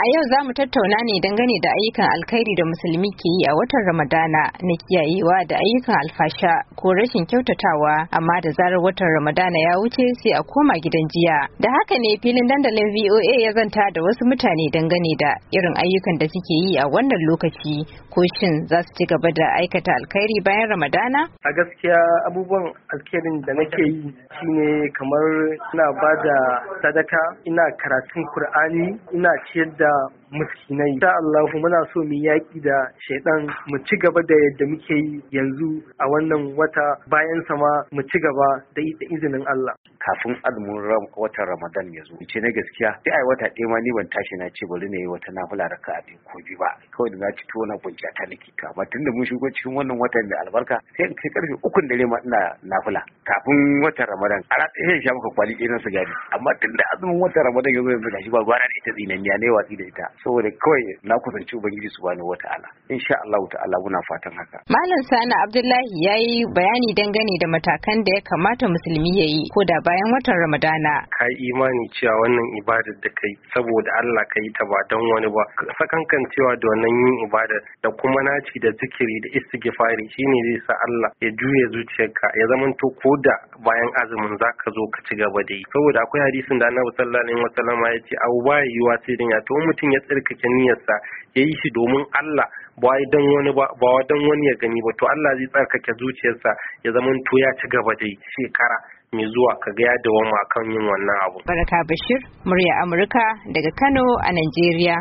A yau za mu tattauna ne dangane da ayyukan alkhairi da musulmi ke yi a watan Ramadana na kiyayewa da ayyukan alfasha ko rashin kyautatawa amma da zarar watan Ramadana ya wuce sai a koma gidan jiya. Da haka ne filin dandalin VOA ya zanta da wasu mutane dangane da irin ayyukan da suke yi a wannan lokaci ko shin za su ci gaba da aikata alkhairi bayan Ramadana? A gaskiya abubuwan alkhairin da nake yi shine kamar ina bada sadaka, ina karatun Kur'ani, ina ciyar da uh, muskinai ta Allah muna so mu yaƙi da shaidan mu ci gaba da yadda muke yi yanzu a wannan wata bayan sama mu ci gaba da izinin Allah kafin azumin watan Ramadan ya zo ce na gaskiya sai ai wata ɗaya ma ni ban tashi na ce bari na yi wata nafila raka a ko bi ba kawai da na ci tuwo na kunci ta nake to amma tunda mun shigo cikin wannan watan da albarka sai in kai karfe ukun dare ma ina nafila kafin watan Ramadan a ratsa sai sha maka kwali ɗaya na sigari amma tunda azumin watan Ramadan ya zo yanzu gashi ba gwara da ita na ne watsi da ita saboda kawai na kusanci ubangiji ala, in insha Allah ta'ala muna fatan haka malam sani abdullahi ya yi bayani dangane da matakan da ya kamata musulmi ya yi, ko da bayan watan ramadana ka yi imani cewa wannan ibadar da kai saboda Allah yi ta ba don wani ba sakankan cewa da wannan yin ibadar da kuma naci da zikiri da istighfari shine zai sa Allah ya juye zuciyarka ya zamanto ko da bayan azumin zaka zo ka ci gaba da yi saboda akwai hadisin da Annabi sallallahu alaihi wasallam ya ce abu ba yiwa sai dan ya to mutum ya tsirkake niyyarsa ya yi shi domin Allah ba wa dan wani ya gani ba to Allah zai tsarkake zuciyarsa ya zama to ya ci gaba da shekara mai zuwa ka ga ya dawama akan yin wannan abu. Barka Bashir, murya Amurka daga Kano a Najeriya.